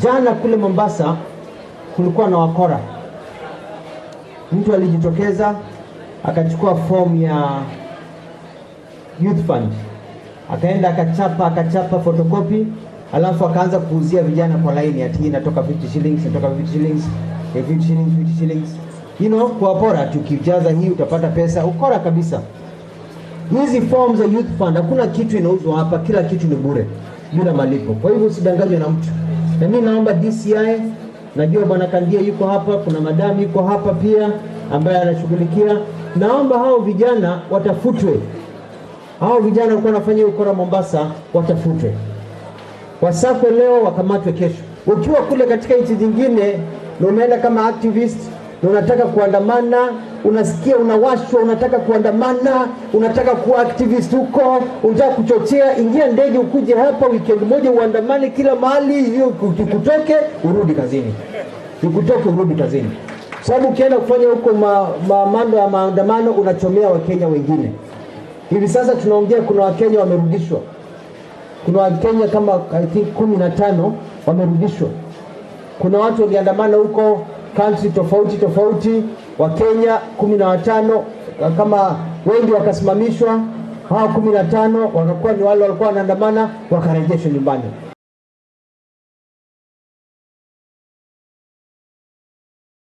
Jana kule Mombasa kulikuwa na wakora. Mtu alijitokeza akachukua fomu ya youth fund, akaenda akachapa akachapa photocopy, alafu akaanza kuuzia vijana kwa laini, ati inatoka 50 shillings, inatoka 50 shillings, 50 eh, shillings, 50 shillings, you know, kuwapora. Tukijaza hii utapata pesa, ukora kabisa. Hizi forms za youth fund, hakuna kitu inauzwa hapa, kila kitu ni bure, bila malipo. Kwa hivyo usidanganywe na mtu. Na mimi naomba DCI, najua bwana Kandia yuko hapa, kuna madamu yuko hapa pia ambaye anashughulikia. Naomba hao vijana watafutwe, hao vijana walikuwa wanafanya ukora Mombasa watafutwe, wasako leo wakamatwe kesho. Ukiwa kule katika nchi zingine na umeenda kama activist na unataka kuandamana, unasikia unawashwa, unataka kuandamana, unataka kuwa activist huko, unataka kuchochea, ingia ndege ukuje hapa weekend moja uandamane kila mahali, hiyo kutoke urudi kazini, ukutoke urudi kazini, sababu ukienda kufanya huko mambo ya maandamano unachomea Wakenya wengine. Hivi sasa tunaongea, kuna Wakenya wamerudishwa, kuna Wakenya kama I think kumi na tano wamerudishwa. Kuna watu waliandamana huko kanti tofauti tofauti, Wakenya kumi na watano kama wengi wakasimamishwa, hao kumi na tano wakakuwa ni wale walikuwa wanaandamana wakarejeshwa nyumbani.